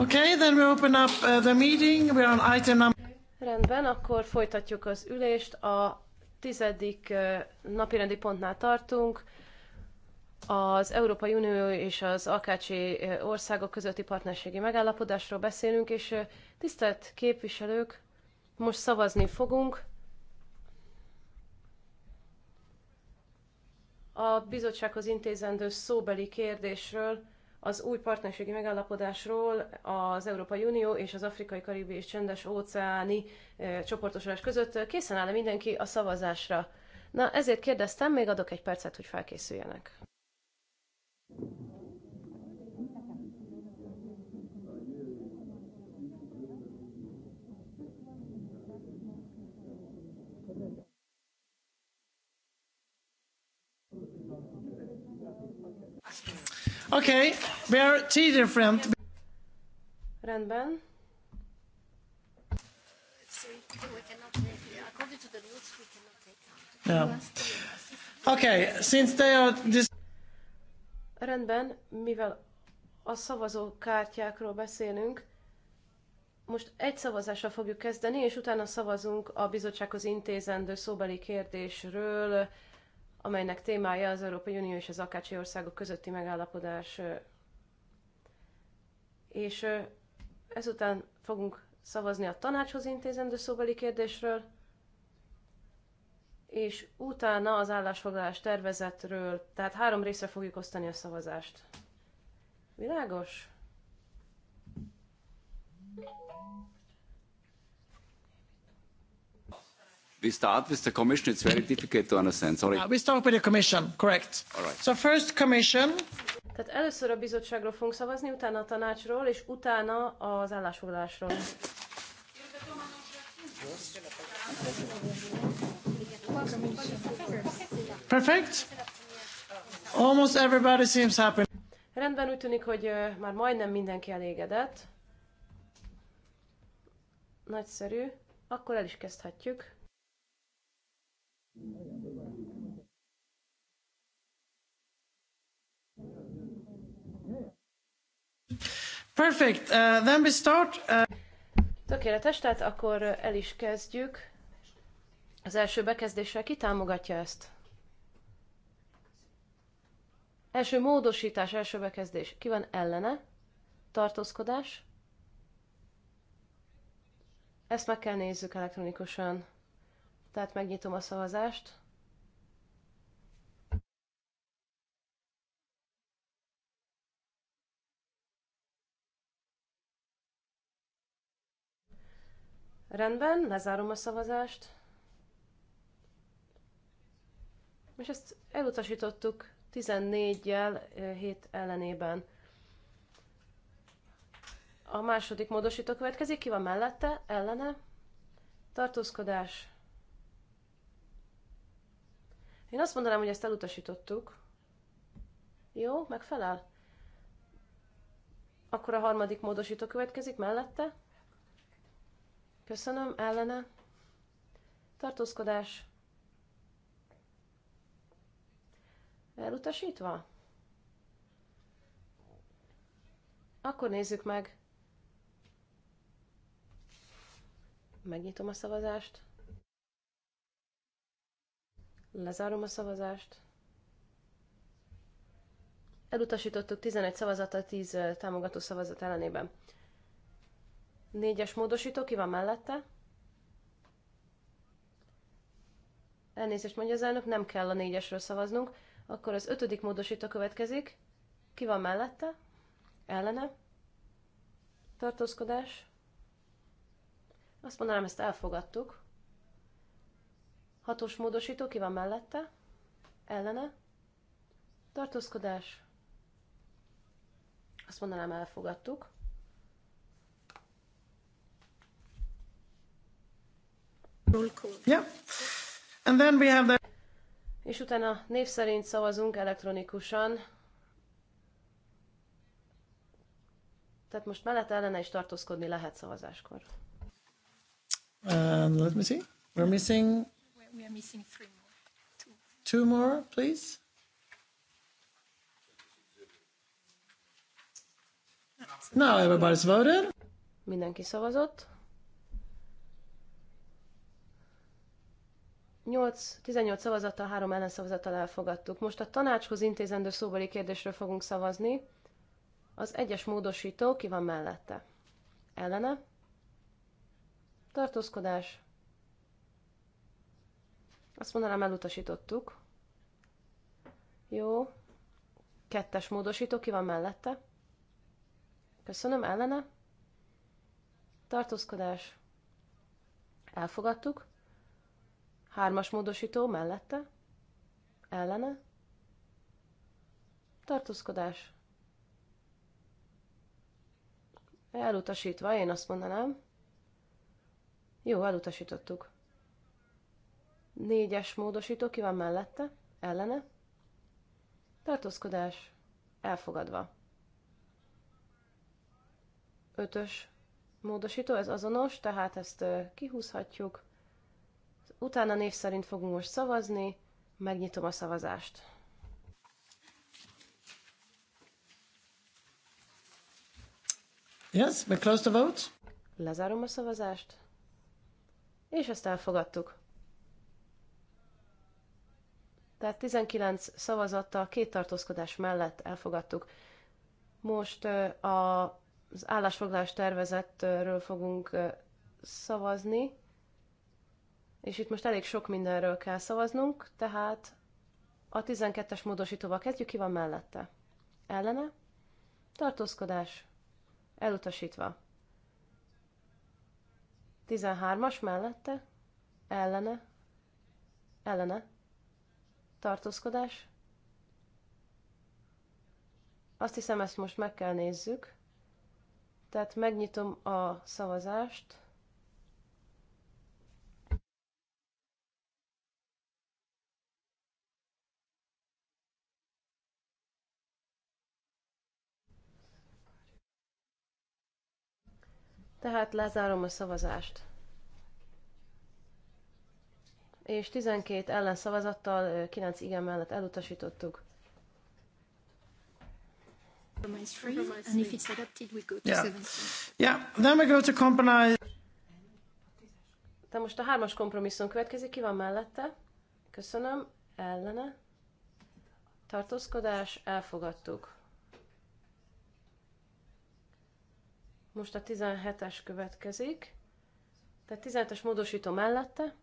Okay, then we open up uh, the meeting. We are on item number... Rendben, akkor folytatjuk az ülést. A tizedik uh, napirendi pontnál tartunk. Az Európai Unió és az Akácsi uh, országok közötti partnerségi megállapodásról beszélünk, és tisztelt képviselők, most szavazni fogunk. A bizottsághoz intézendő szóbeli kérdésről, az új partnerségi megállapodásról az Európai Unió és az Afrikai, Karibi és Csendes óceáni csoportosulás között készen áll mindenki a szavazásra. Na, ezért kérdeztem, még adok egy percet, hogy felkészüljenek. Okay, we are three different. Rendben. Yeah. Okay, since they are this... Rendben, mivel a kártyákról beszélünk, most egy szavazással fogjuk kezdeni, és utána szavazunk a bizottsághoz intézendő szóbeli kérdésről, amelynek témája az Európai Unió és az Akácsi országok közötti megállapodás. És ezután fogunk szavazni a tanácshoz intézendő szóbeli kérdésről, és utána az állásfoglalás tervezetről, tehát három részre fogjuk osztani a szavazást. Világos? We start with the Commission. It's very difficult to understand. Sorry. Uh, we start with the Commission. Correct. All right. So first Commission. Tehát először a bizottságról fogunk szavazni, utána a tanácsról, és utána az állásfoglalásról. Perfect. Almost everybody seems happy. Rendben úgy tűnik, hogy már majdnem mindenki elégedett. Nagyszerű. Akkor el is kezdhetjük. Perfect. Uh, then we start. Uh... Tökéletes, tehát akkor el is kezdjük. Az első bekezdéssel ki támogatja ezt? Első módosítás, első bekezdés. Ki van ellene? Tartózkodás? Ezt meg kell nézzük elektronikusan. Tehát megnyitom a szavazást. Rendben, lezárom a szavazást. És ezt elutasítottuk 14-jel 7 ellenében. A második módosító következik, ki van mellette, ellene, tartózkodás, én azt mondanám, hogy ezt elutasítottuk. Jó, megfelel? Akkor a harmadik módosító következik mellette. Köszönöm, ellene. Tartózkodás. Elutasítva? Akkor nézzük meg. Megnyitom a szavazást. Lezárom a szavazást. Elutasítottuk 11 szavazata, 10 támogató szavazat ellenében. Négyes módosító, ki van mellette? Elnézést mondja az elnök, nem kell a négyesről szavaznunk. Akkor az ötödik módosító következik. Ki van mellette? Ellene? Tartózkodás? Azt mondanám, ezt elfogadtuk. Hatos módosító, ki van mellette? Ellene? Tartózkodás? Azt mondanám, elfogadtuk. Yeah. And then we have the... És utána név szerint szavazunk elektronikusan. Tehát most mellett ellene is tartózkodni lehet szavazáskor. And let me see. We're missing we are missing three more. Two, Two more, please. Now everybody's voted. Mindenki szavazott. 8, 18 szavazattal, 3 ellenszavazattal elfogadtuk. Most a tanácshoz intézendő szóbeli kérdésről fogunk szavazni. Az egyes módosító ki van mellette? Ellene? Tartózkodás? Azt mondanám, elutasítottuk. Jó. Kettes módosító, ki van mellette? Köszönöm, ellene. Tartózkodás. Elfogadtuk. Hármas módosító mellette. Ellene. Tartózkodás. Elutasítva, én azt mondanám. Jó, elutasítottuk. Négyes módosító, ki van mellette? Ellene? Tartózkodás. Elfogadva. Ötös módosító, ez azonos, tehát ezt kihúzhatjuk. Utána név szerint fogunk most szavazni, megnyitom a szavazást. Yes, we close the vote. Lezárom a szavazást. És ezt elfogadtuk. Tehát 19 szavazattal, két tartózkodás mellett elfogadtuk. Most a, az állásfoglalás tervezetről fogunk szavazni, és itt most elég sok mindenről kell szavaznunk, tehát a 12-es módosítóval kezdjük, ki van mellette? Ellene? Tartózkodás. Elutasítva. 13-as mellette? Ellene? Ellene? tartózkodás. Azt hiszem, ezt most meg kell nézzük. Tehát megnyitom a szavazást. Tehát lezárom a szavazást és 12 ellenszavazattal, 9 igen mellett elutasítottuk. Yeah. Then we go to compromise. most a hármas kompromisszum következik, ki van mellette? Köszönöm. Ellene. Tartózkodás, elfogadtuk. Most a 17-es következik. Tehát 17-es módosító mellette.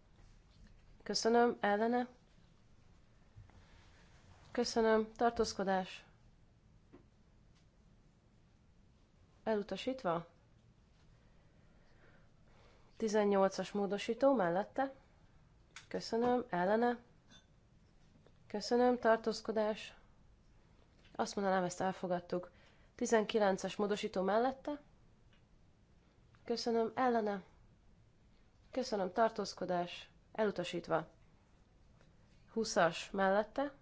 Köszönöm, ellene. Köszönöm, tartózkodás. Elutasítva? 18-as módosító mellette. Köszönöm, ellene. Köszönöm, tartózkodás. Azt mondanám, ezt elfogadtuk. 19-es módosító mellette. Köszönöm, ellene. Köszönöm, tartózkodás. Elutasítva. 20-as mellette.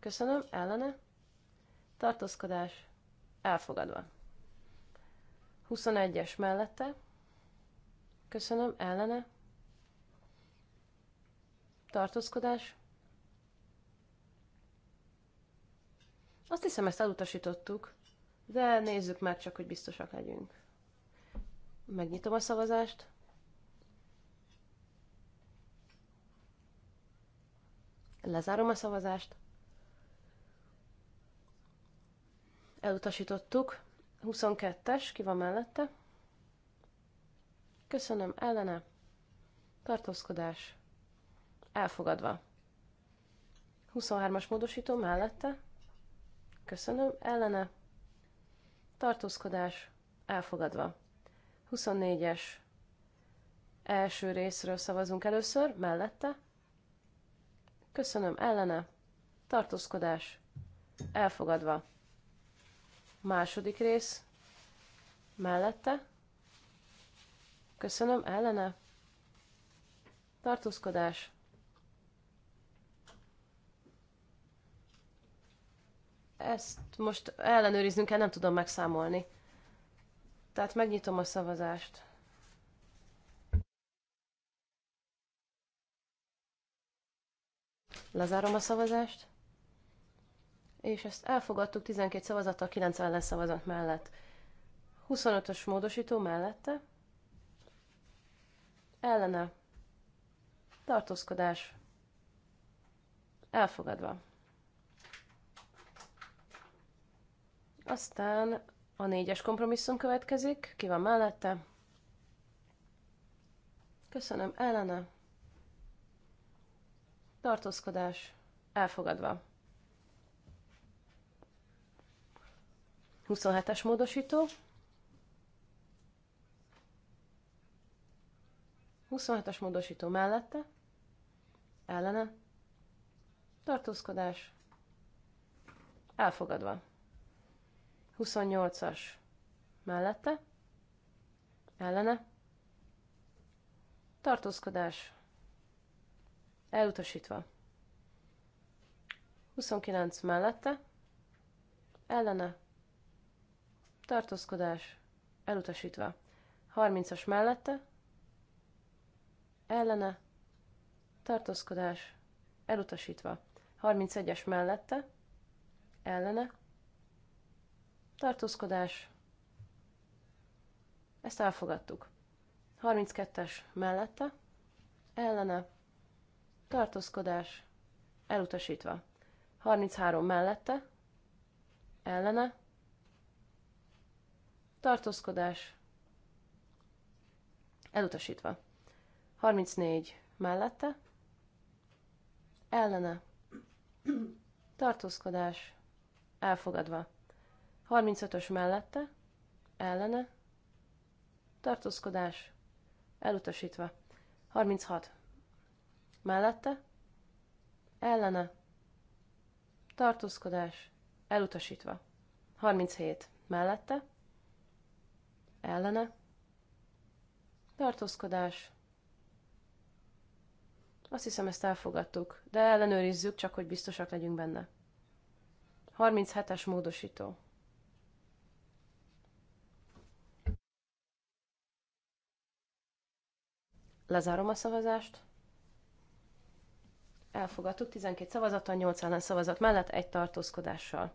Köszönöm, ellene. Tartózkodás elfogadva. 21-es mellette. Köszönöm, ellene. Tartózkodás. Azt hiszem, ezt elutasítottuk, de nézzük már csak, hogy biztosak legyünk. Megnyitom a szavazást. Lezárom a szavazást. Elutasítottuk. 22-es, ki van mellette? Köszönöm, ellene. Tartózkodás. Elfogadva. 23-as módosító mellette. Köszönöm, ellene. Tartózkodás. Elfogadva. 24-es. Első részről szavazunk először, mellette. Köszönöm ellene. Tartózkodás. Elfogadva. Második rész. Mellette. Köszönöm ellene. Tartózkodás. Ezt most ellenőriznünk kell, nem tudom megszámolni. Tehát megnyitom a szavazást. Lezárom a szavazást. És ezt elfogadtuk 12 szavazattal, 90 leszavazat mellett. 25-ös módosító mellette. Ellene. Tartózkodás. Elfogadva. Aztán a négyes kompromisszum következik. Ki van mellette? Köszönöm, ellene tartózkodás elfogadva. 27-es módosító. 27-es módosító mellette, ellene, tartózkodás, elfogadva. 28-as mellette, ellene, tartózkodás, Elutasítva. 29 mellette. Ellene. Tartózkodás. Elutasítva. 30-as mellette. Ellene. Tartózkodás. Elutasítva. 31-es mellette. Ellene. Tartózkodás. Ezt elfogadtuk. 32-es mellette. Ellene tartózkodás elutasítva. 33 mellette, ellene, tartózkodás elutasítva. 34 mellette, ellene, tartózkodás elfogadva. 35-ös mellette, ellene, tartózkodás elutasítva. 36 mellette, ellene, tartózkodás, elutasítva. 37 mellette, ellene, tartózkodás. Azt hiszem, ezt elfogadtuk, de ellenőrizzük, csak hogy biztosak legyünk benne. 37-es módosító. Lezárom a szavazást elfogadtuk 12 szavazattal, 8 ellen szavazat mellett, egy tartózkodással.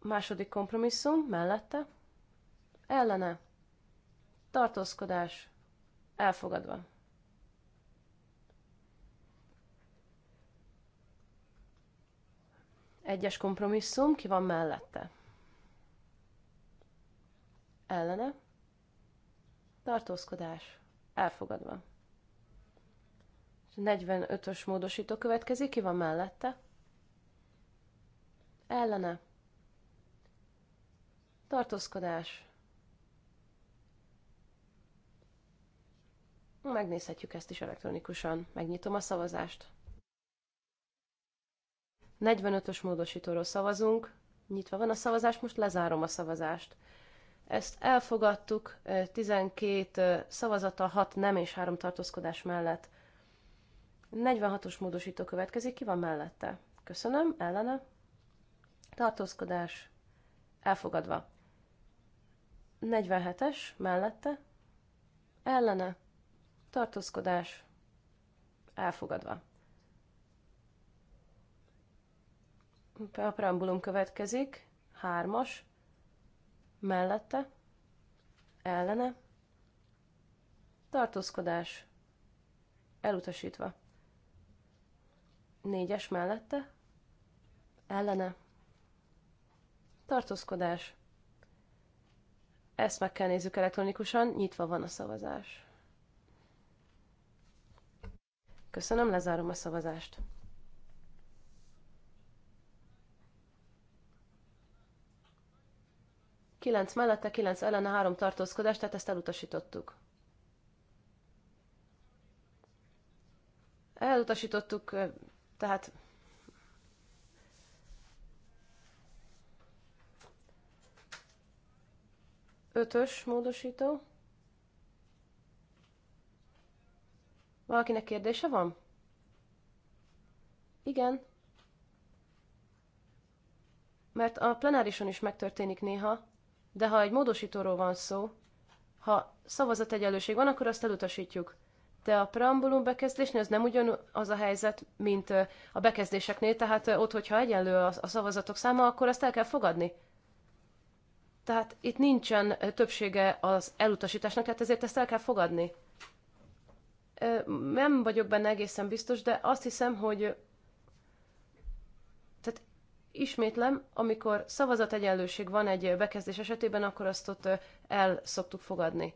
Második kompromisszum mellette, ellene, tartózkodás, elfogadva. Egyes kompromisszum, ki van mellette? Ellene, tartózkodás, elfogadva. 45-ös módosító következik, ki van mellette? Ellene. Tartózkodás. Megnézhetjük ezt is elektronikusan. Megnyitom a szavazást. 45-ös módosítóról szavazunk. Nyitva van a szavazás, most lezárom a szavazást. Ezt elfogadtuk 12 eh, eh, szavazata, 6 nem és 3 tartózkodás mellett. 46-os módosító következik, ki van mellette? Köszönöm, ellene. Tartózkodás elfogadva. 47-es mellette, ellene, tartózkodás elfogadva. A preambulum következik, hármas, mellette, ellene, tartózkodás elutasítva. Négyes mellette. Ellene. Tartózkodás. Ezt meg kell nézzük elektronikusan, nyitva van a szavazás. Köszönöm, lezárom a szavazást. Kilenc mellette, kilenc ellene, három tartózkodás, tehát ezt elutasítottuk. Elutasítottuk tehát ötös módosító. Valakinek kérdése van? Igen. Mert a plenárison is megtörténik néha, de ha egy módosítóról van szó, ha szavazat egyenlőség van, akkor azt elutasítjuk de a preambulum bekezdésnél ez nem ugyanaz a helyzet, mint a bekezdéseknél, tehát ott, hogyha egyenlő a szavazatok száma, akkor azt el kell fogadni. Tehát itt nincsen többsége az elutasításnak, tehát ezért ezt el kell fogadni. Nem vagyok benne egészen biztos, de azt hiszem, hogy tehát ismétlem, amikor szavazategyenlőség van egy bekezdés esetében, akkor azt ott el szoktuk fogadni.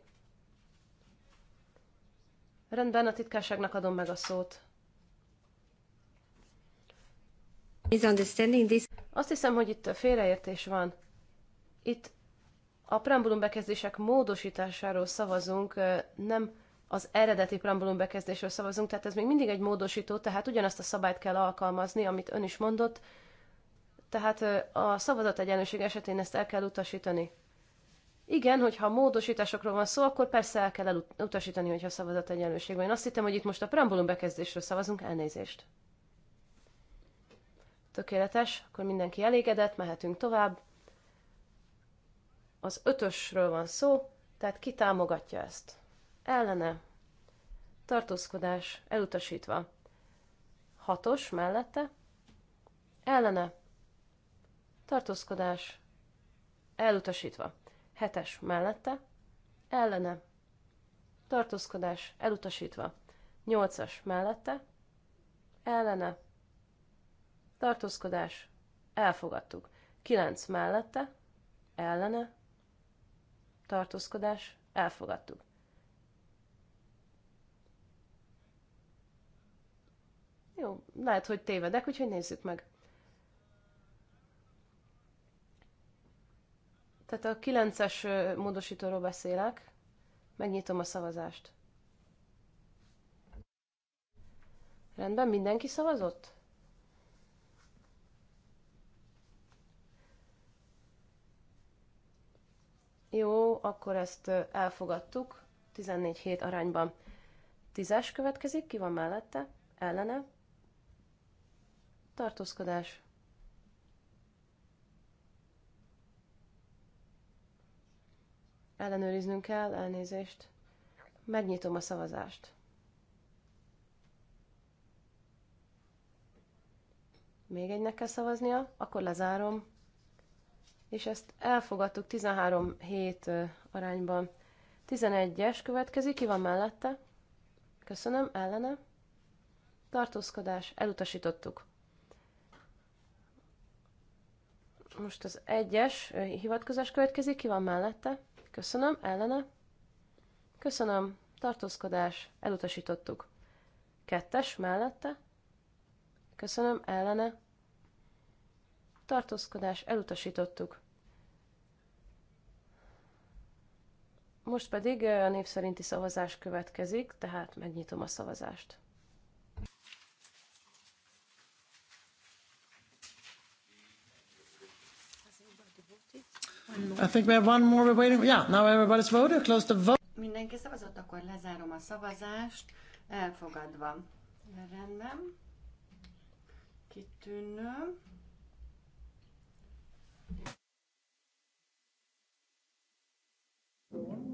Rendben, a titkárságnak adom meg a szót. Azt hiszem, hogy itt félreértés van. Itt a preambulum bekezdések módosításáról szavazunk, nem az eredeti preambulum bekezdésről szavazunk, tehát ez még mindig egy módosító, tehát ugyanazt a szabályt kell alkalmazni, amit ön is mondott, tehát a szavazat egyenlőség esetén ezt el kell utasítani. Igen, hogyha módosításokról van szó, akkor persze el kell elutasítani, hogyha szavazat egyenlőség van. Én azt hittem, hogy itt most a preambulum bekezdésről szavazunk, elnézést. Tökéletes, akkor mindenki elégedett, mehetünk tovább. Az ötösről van szó, tehát ki támogatja ezt? Ellene. Tartózkodás elutasítva. Hatos mellette. Ellene. Tartózkodás elutasítva. Hetes mellette, ellene, tartózkodás elutasítva. Nyolcas mellette, ellene, tartózkodás, elfogadtuk. Kilenc mellette, ellene, tartózkodás, elfogadtuk. Jó, lehet, hogy tévedek, úgyhogy nézzük meg. Tehát a 9-es módosítóról beszélek. Megnyitom a szavazást. Rendben, mindenki szavazott? Jó, akkor ezt elfogadtuk. 14 hét arányban. Tízes következik, ki van mellette? Ellene? Tartózkodás. Ellenőriznünk kell, elnézést. Megnyitom a szavazást. Még egynek kell szavaznia, akkor lezárom. És ezt elfogadtuk 13 hét arányban. 11-es következik, ki van mellette? Köszönöm, ellene. Tartózkodás, elutasítottuk. Most az egyes hivatkozás következik, ki van mellette? Köszönöm, ellene. Köszönöm, tartózkodás, elutasítottuk. Kettes, mellette. Köszönöm, ellene. Tartózkodás, elutasítottuk. Most pedig a név szerinti szavazás következik, tehát megnyitom a szavazást. I think we have one more we're waiting. Yeah, now everybody's voted. Close the vote. Mindenki szavazott, akkor lezárom a szavazást. Elfogadva. Rendben. Kitűnő. Thank you.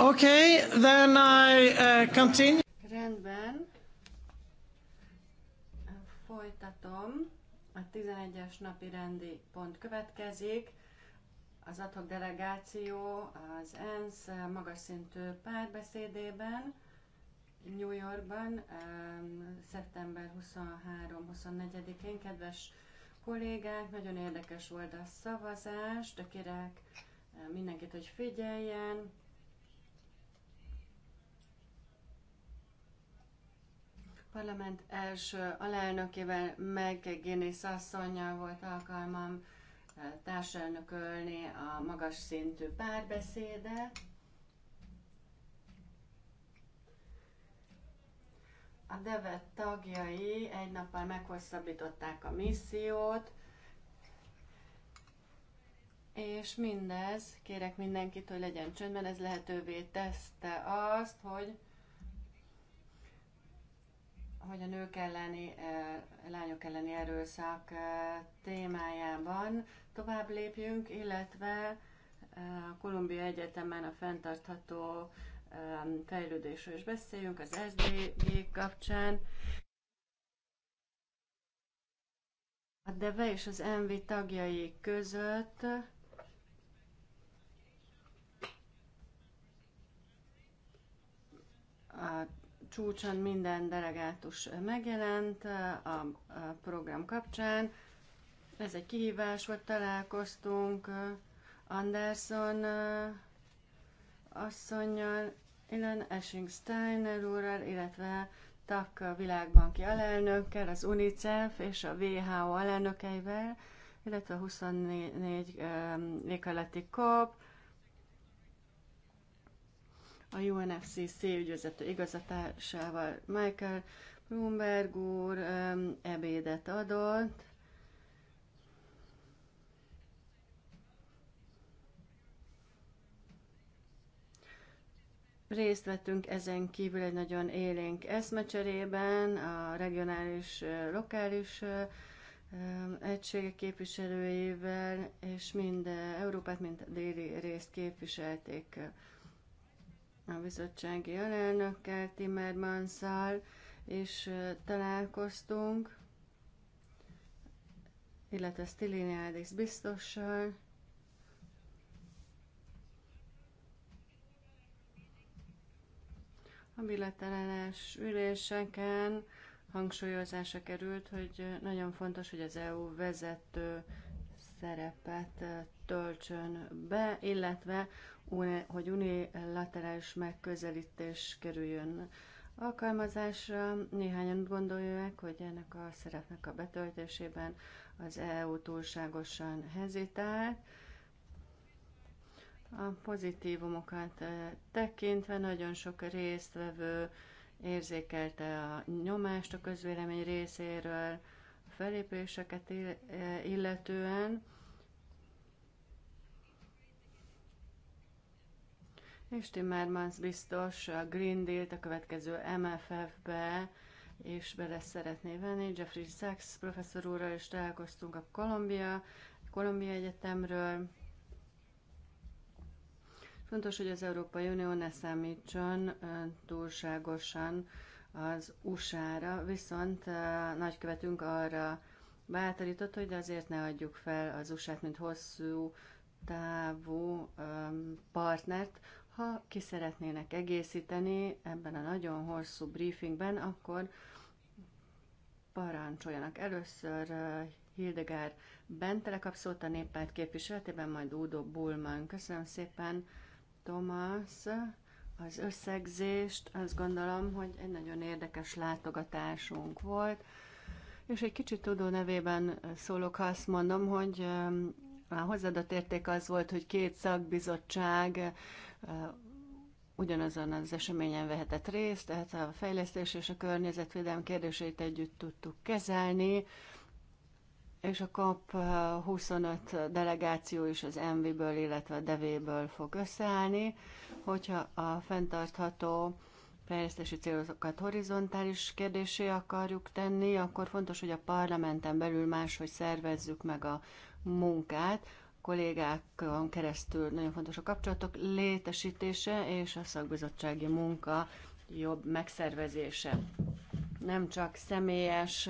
Okay, then I uh, continue. Rendben. Folytatom. A 11-es napi rendi pont következik. Az adhok delegáció az ENSZ magas szintű párbeszédében New Yorkban um, szeptember 23-24-én. Kedves kollégák, nagyon érdekes volt a szavazás, de kérek uh, mindenkit, hogy figyeljen parlament első alelnökével, meg Génész asszonynal volt alkalmam társelnökölni a magas szintű párbeszéde. A devet tagjai egy nappal meghosszabbították a missziót, és mindez, kérek mindenkit, hogy legyen csöndben, ez lehetővé teszte azt, hogy hogy a nők elleni, eh, lányok elleni erőszak eh, témájában tovább lépjünk, illetve eh, a Kolumbia Egyetemen a fenntartható fejlődésről is beszéljünk, az SDG kapcsán. A DEVE és az MV tagjai között a csúcson minden delegátus megjelent a program kapcsán. Ez egy kihívás volt, találkoztunk Anderson asszonynal, Ilan Esing Steiner úrral, illetve TAK világbanki alelnökkel, az UNICEF és a WHO alelnökeivel, illetve 24 éghajlati kop, a UNFCC ügyvezető igazatásával. Michael Bloomberg úr ebédet adott, Részt vettünk ezen kívül egy nagyon élénk eszmecserében, a regionális, lokális egységek képviselőjével, és mind Európát, mind déli részt képviselték a bizottsági alelnökkel, Timmermanszal is találkoztunk, illetve Stiliniádis biztossal. A bilaterális üléseken hangsúlyozása került, hogy nagyon fontos, hogy az EU vezető szerepet töltsön be, illetve hogy unilaterális megközelítés kerüljön alkalmazásra. Néhányan úgy gondolják, hogy ennek a szerepnek a betöltésében az EU túlságosan hezitál. A pozitívumokat eh, tekintve nagyon sok résztvevő érzékelte a nyomást a közvélemény részéről, a felépéseket eh, illetően, És Timmermans biztos a Green Deal-t a következő MFF-be és bele szeretné venni. Jeffrey Sachs professzor úrral is találkoztunk a Columbia Columbia Egyetemről. Fontos, hogy az Európai Unió ne számítson túlságosan az USA-ra, viszont nagykövetünk arra bátorított, hogy azért ne adjuk fel az USA-t, mint hosszú távú partnert, ha ki szeretnének egészíteni ebben a nagyon hosszú briefingben, akkor parancsoljanak. Először eh, Hildegár Bentele kap szót a néppárt képviseletében, majd Udo Bullman. Köszönöm szépen, Thomas. Az összegzést azt gondolom, hogy egy nagyon érdekes látogatásunk volt, és egy kicsit tudó nevében szólok, ha azt mondom, hogy eh, a hozzáadott érték az volt, hogy két szakbizottság ugyanazon az eseményen vehetett részt, tehát a fejlesztés és a környezetvédelem kérdéseit együtt tudtuk kezelni, és a COP 25 delegáció is az MV-ből, illetve a DEV-ből fog összeállni, hogyha a fenntartható fejlesztési célokat horizontális kérdésé akarjuk tenni, akkor fontos, hogy a parlamenten belül máshogy szervezzük meg a munkát, kollégákon keresztül nagyon fontos a kapcsolatok létesítése és a szakbizottsági munka jobb megszervezése. Nem csak személyes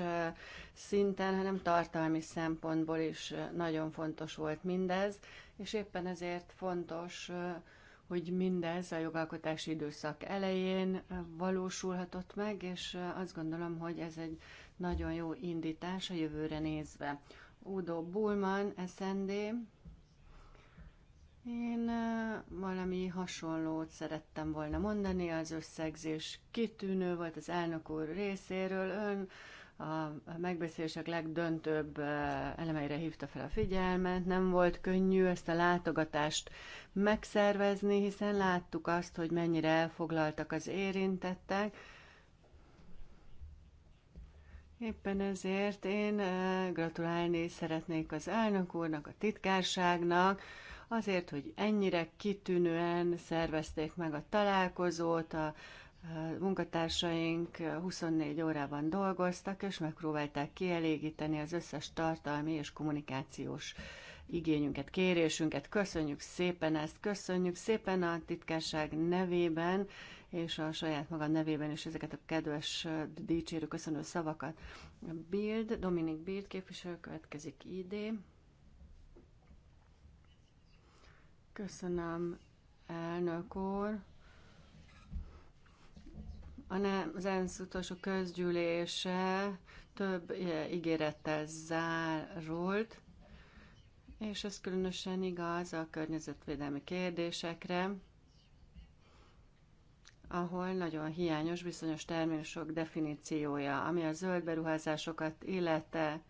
szinten, hanem tartalmi szempontból is nagyon fontos volt mindez, és éppen ezért fontos, hogy mindez a jogalkotási időszak elején valósulhatott meg, és azt gondolom, hogy ez egy nagyon jó indítás a jövőre nézve. Udo Bulman, SND. Én valami hasonlót szerettem volna mondani, az összegzés kitűnő volt az elnök úr részéről. Ön a megbeszélések legdöntőbb elemeire hívta fel a figyelmet, nem volt könnyű ezt a látogatást megszervezni, hiszen láttuk azt, hogy mennyire elfoglaltak az érintettek. Éppen ezért én gratulálni szeretnék az elnök úrnak, a titkárságnak, azért, hogy ennyire kitűnően szervezték meg a találkozót, a munkatársaink 24 órában dolgoztak, és megpróbálták kielégíteni az összes tartalmi és kommunikációs igényünket, kérésünket. Köszönjük szépen ezt, köszönjük szépen a titkárság nevében, és a saját maga nevében is ezeket a kedves eh, dicsérő köszönő szavakat. Bild, Dominik Bild képviselő következik idén. Köszönöm, elnök úr. A nem, az ENSZ utolsó közgyűlése több eh, ígérettel zárult, és ez különösen igaz a környezetvédelmi kérdésekre, ahol nagyon hiányos bizonyos terminusok definíciója, ami a zöld beruházásokat illete,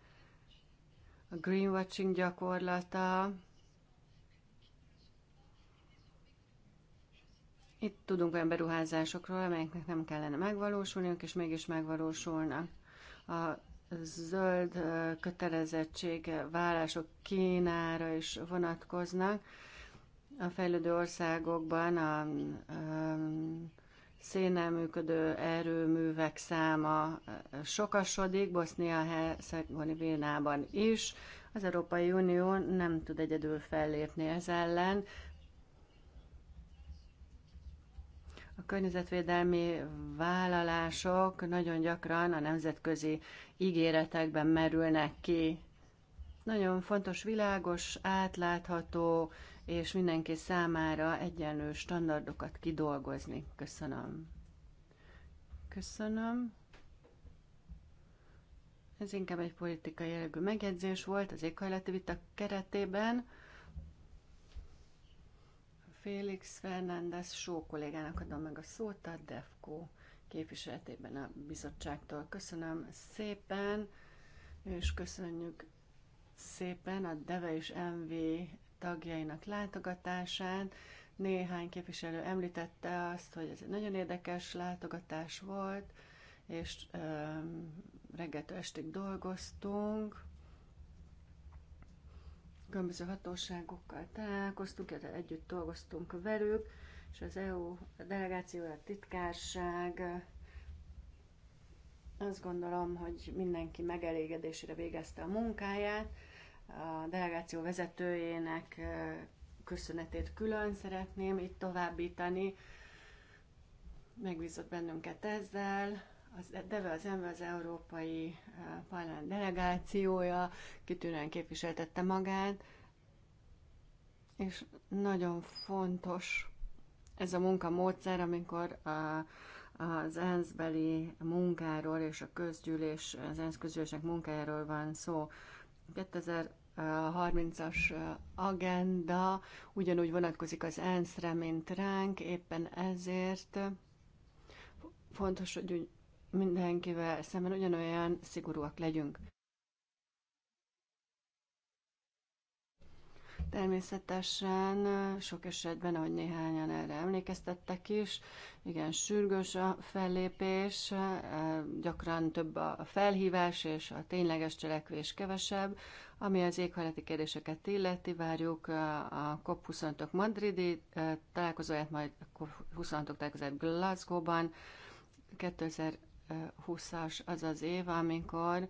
a greenwatching gyakorlata, Itt tudunk olyan beruházásokról, amelyeknek nem kellene megvalósulniuk, és mégis megvalósulnak. A zöld kötelezettség vállások Kínára is vonatkoznak. A fejlődő országokban a, a szénnel működő erőművek száma sokasodik, Bosznia-Hercegovinában is. Az Európai Unió nem tud egyedül fellépni ez ellen, A környezetvédelmi vállalások nagyon gyakran a nemzetközi ígéretekben merülnek ki. Nagyon fontos, világos, átlátható és mindenki számára egyenlő standardokat kidolgozni. Köszönöm. Köszönöm. Ez inkább egy politikai jellegű megjegyzés volt az éghajlati vita keretében. Félix Fernández Só kollégának adom meg a szót a DEFCO képviseletében a bizottságtól. Köszönöm szépen, és köszönjük szépen a DEVE és MV tagjainak látogatását. Néhány képviselő említette azt, hogy ez egy nagyon érdekes látogatás volt, és ö, reggeltől estig dolgoztunk különböző hatóságokkal találkoztunk, illetve együtt dolgoztunk velük, és az EU a delegáció, a titkárság, azt gondolom, hogy mindenki megelégedésére végezte a munkáját. A delegáció vezetőjének köszönetét külön szeretném itt továbbítani. Megbízott bennünket ezzel az DEVE, az ember az Európai eh, Parlament delegációja kitűnően képviseltette magát, és nagyon fontos ez a munkamódszer, amikor a, eh, az ENSZ beli munkáról és a közgyűlés, az ENSZ közgyűlések munkájáról van szó. 2030-as eh, agenda ugyanúgy vonatkozik az ENSZ-re, mint ránk, éppen ezért fontos, hogy mindenkivel szemben ugyanolyan szigorúak legyünk. Természetesen sok esetben, ahogy néhányan erre emlékeztettek is, igen, sürgős a fellépés, gyakran több a felhívás és a tényleges cselekvés kevesebb. Ami az éghajlati kérdéseket illeti, várjuk a COP25 madridi találkozóját, majd a COP25 találkozóját Glasgow-ban 2000 2020-as az az év, amikor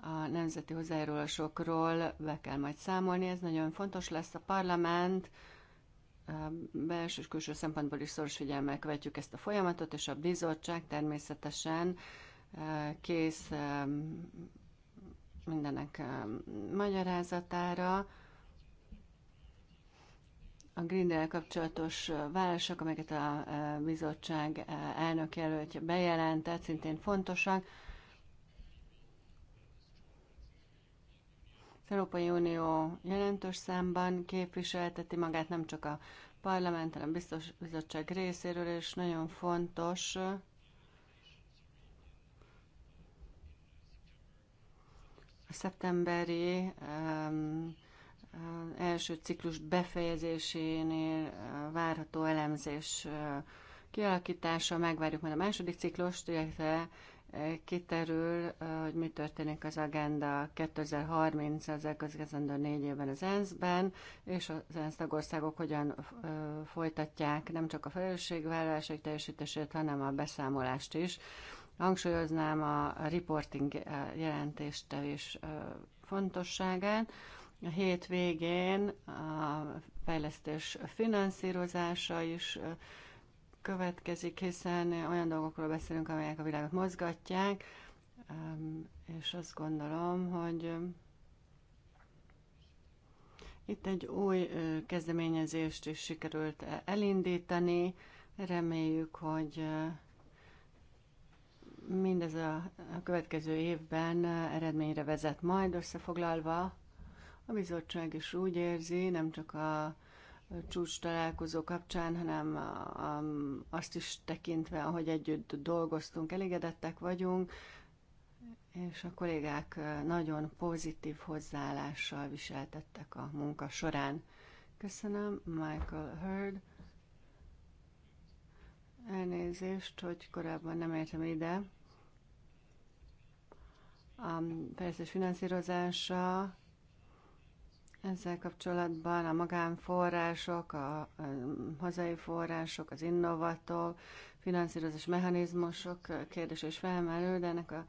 a nemzeti hozzájárulásokról be kell majd számolni. Ez nagyon fontos lesz a parlament, belső és külső szempontból is szoros figyelmek követjük ezt a folyamatot, és a bizottság természetesen e, kész e, mindenek e, magyarázatára a Grindel kapcsolatos válaszok, amelyeket a bizottság elnök jelöltje bejelentett, szintén fontosak. Az Európai Unió jelentős számban képviselteti magát nem csak a parlament, hanem biztos bizottság részéről, és nagyon fontos a szeptemberi um, első ciklus befejezésénél várható elemzés kialakítása, megvárjuk majd a második ciklust, illetve kiterül, hogy mi történik az Agenda 2030 az elközgezendő négy évben az ENSZ-ben, és az ENSZ tagországok hogyan folytatják nem csak a felelősségvállalások teljesítését, hanem a beszámolást is. Hangsúlyoznám a reporting jelentéstevés fontosságát. A hét végén a fejlesztés finanszírozása is következik, hiszen olyan dolgokról beszélünk, amelyek a világot mozgatják, és azt gondolom, hogy itt egy új kezdeményezést is sikerült e-, elindítani. Reméljük, hogy mindez a következő évben eredményre vezet majd összefoglalva. A bizottság is úgy érzi, nem csak a csúcs találkozó kapcsán, hanem azt is tekintve, ahogy együtt dolgoztunk, elégedettek vagyunk, és a kollégák nagyon pozitív hozzáállással viseltettek a munka során. Köszönöm, Michael Heard. Elnézést, hogy korábban nem értem ide. A perces finanszírozása ezzel kapcsolatban a magánforrások, a hazai források, az innovató finanszírozás mechanizmusok kérdése is felmerül, de ennek, a,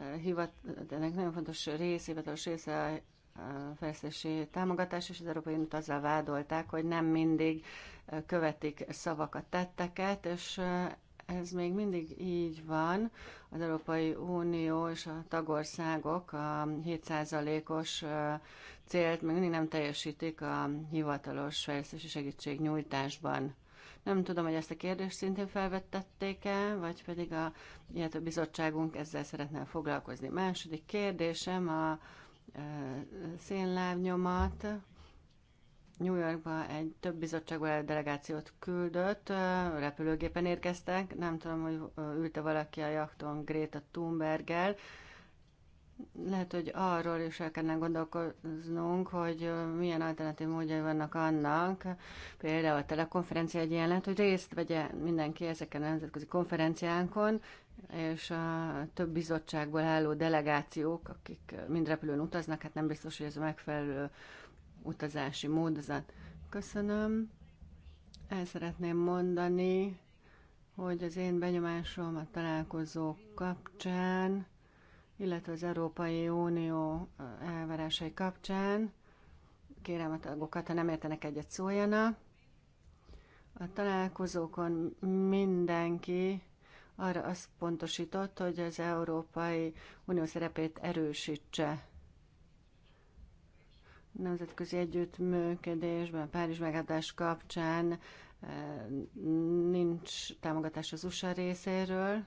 e, hivat, de ennek nagyon fontos rész, hivatalos része a fejlesztési támogatás, és az Európai Unit azzal vádolták, hogy nem mindig e, követik szavakat, tetteket, és e, ez még mindig így van. Az Európai Unió és a tagországok a 7%-os célt még mindig nem teljesítik a hivatalos fejlesztési segítségnyújtásban. Nem tudom, hogy ezt a kérdést szintén felvettették-e, vagy pedig a, a bizottságunk ezzel szeretne foglalkozni. Második kérdésem a szénlábnyomat New Yorkba egy több bizottságú delegációt küldött, repülőgépen érkeztek, nem tudom, hogy ült-e valaki a jakton Greta Thunberg-el. Lehet, hogy arról is el kellene gondolkoznunk, hogy milyen alternatív módjai vannak annak, például a telekonferencia egy ilyen lehet, hogy részt vegye mindenki ezeken a nemzetközi konferenciánkon, és a több bizottságból álló delegációk, akik mind repülőn utaznak, hát nem biztos, hogy ez a megfelelő utazási módozat. Köszönöm. El szeretném mondani, hogy az én benyomásom a találkozók kapcsán, illetve az Európai Unió elvárásai kapcsán, kérem a tagokat, ha nem értenek egyet, szóljana. A találkozókon mindenki arra azt pontosított, hogy az Európai Unió szerepét erősítse nemzetközi együttműködésben, a Párizs megadás kapcsán eh, nincs támogatás az USA részéről,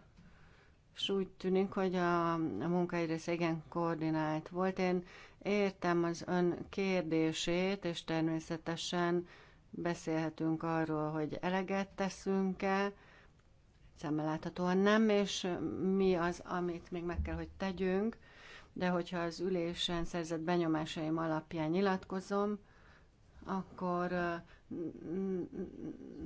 és úgy tűnik, hogy a, a munka egy igen koordinált volt. Én értem az ön kérdését, és természetesen beszélhetünk arról, hogy eleget teszünk-e, szemmel láthatóan nem, és mi az, amit még meg kell, hogy tegyünk de hogyha az ülésen szerzett benyomásaim alapján nyilatkozom, akkor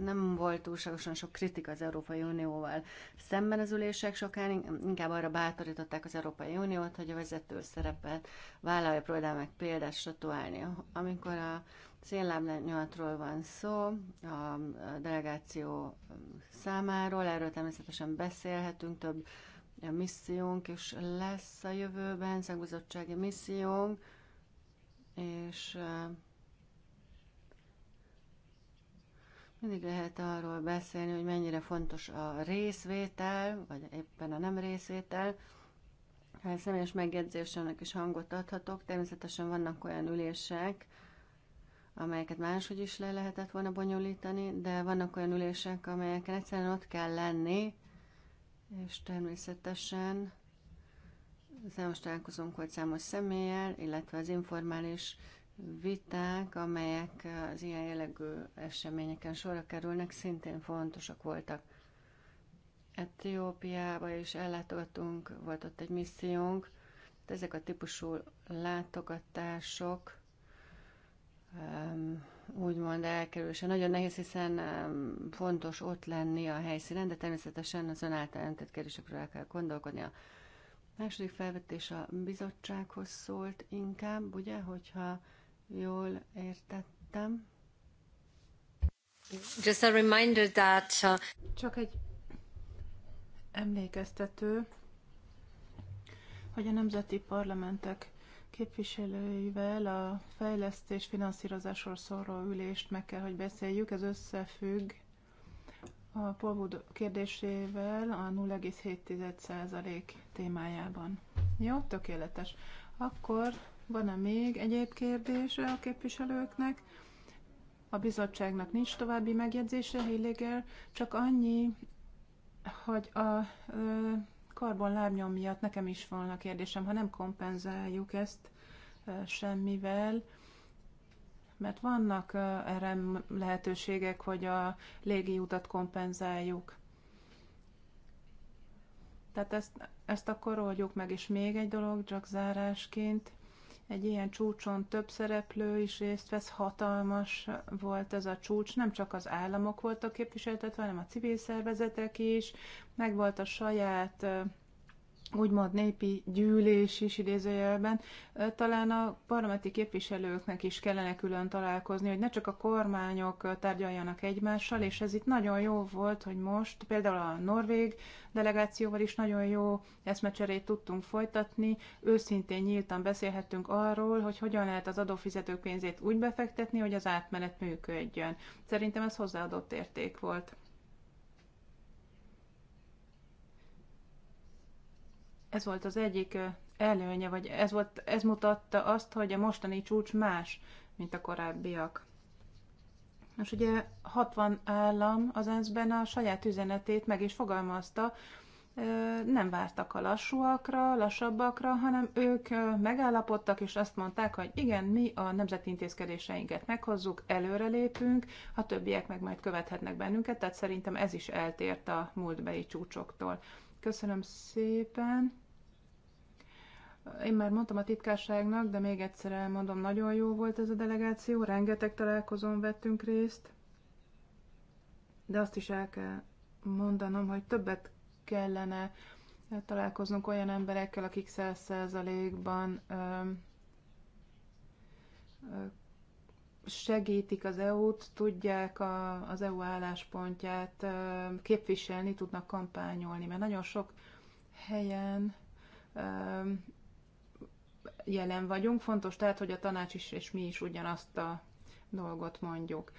nem volt túlságosan sok kritika az Európai Unióval szemben az ülések sokán, inkább arra bátorították az Európai Uniót, hogy a vezető szerepet vállalja, próbál meg példát statuálni. Amikor a szénlábnyoltról van szó, a delegáció számáról, erről természetesen beszélhetünk, több a missziónk és lesz a jövőben, szakbizottsági missziónk, és mindig lehet arról beszélni, hogy mennyire fontos a részvétel, vagy éppen a nem részvétel. Ha hát személyes megjegyzésemnek is hangot adhatok. Természetesen vannak olyan ülések, amelyeket máshogy is le lehetett volna bonyolítani, de vannak olyan ülések, amelyeken egyszerűen ott kell lenni, és természetesen számos találkozunk, hogy számos személlyel, illetve az informális viták, amelyek az ilyen jellegű eseményeken sorra kerülnek, szintén fontosak voltak. Etiópiába is ellátogatunk, volt ott egy missziónk, ezek a típusú látogatások um, úgymond elkerülése. Nagyon nehéz, hiszen fontos ott lenni a helyszínen, de természetesen az ön által említett kérdésekről el kell gondolkodni. A második felvetés a bizottsághoz szólt inkább, ugye, hogyha jól értettem. Just a reminder that... Uh, Csak egy emlékeztető, hogy a nemzeti parlamentek képviselőivel a fejlesztés finanszírozásról szóló ülést meg kell, hogy beszéljük. Ez összefügg a polvud kérdésével a 0,7% témájában. Jó, tökéletes. Akkor van-e még egyéb kérdése a képviselőknek? A bizottságnak nincs további megjegyzése, Hilliger, csak annyi, hogy a karbon lábnyom miatt nekem is volna kérdésem, ha nem kompenzáljuk ezt semmivel, mert vannak erre lehetőségek, hogy a légi utat kompenzáljuk. Tehát ezt, ezt akkor oldjuk meg, és még egy dolog, csak zárásként egy ilyen csúcson több szereplő is részt vesz, hatalmas volt ez a csúcs, nem csak az államok voltak képviseltetve, hanem a civil szervezetek is, meg volt a saját úgymond népi gyűlés is idézőjelben, talán a parlamenti képviselőknek is kellene külön találkozni, hogy ne csak a kormányok tárgyaljanak egymással, és ez itt nagyon jó volt, hogy most például a norvég delegációval is nagyon jó eszmecserét tudtunk folytatni, őszintén nyíltan beszélhettünk arról, hogy hogyan lehet az adófizetők pénzét úgy befektetni, hogy az átmenet működjön. Szerintem ez hozzáadott érték volt. ez volt az egyik előnye, vagy ez, volt, ez mutatta azt, hogy a mostani csúcs más, mint a korábbiak. Most ugye 60 állam az ensz a saját üzenetét meg is fogalmazta, nem vártak a lassúakra, lassabbakra, hanem ők megállapodtak, és azt mondták, hogy igen, mi a nemzeti intézkedéseinket meghozzuk, előrelépünk, a többiek meg majd követhetnek bennünket, tehát szerintem ez is eltért a múltbeli csúcsoktól. Köszönöm szépen. Én már mondtam a titkárságnak, de még egyszer elmondom, nagyon jó volt ez a delegáció, rengeteg találkozón vettünk részt, de azt is el kell mondanom, hogy többet kellene találkoznunk olyan emberekkel, akik százszerzalékban segítik az EU-t, tudják a, az EU álláspontját képviselni, tudnak kampányolni, mert nagyon sok helyen jelen vagyunk. Fontos tehát, hogy a tanács is és mi is ugyanazt a dolgot mondjuk.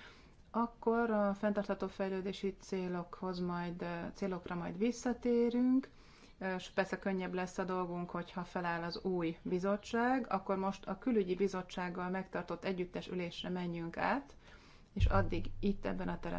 Akkor a fenntartható fejlődési célokhoz majd, célokra majd visszatérünk és persze könnyebb lesz a dolgunk, hogyha feláll az új bizottság, akkor most a külügyi bizottsággal megtartott együttes ülésre menjünk át, és addig itt ebben a teremben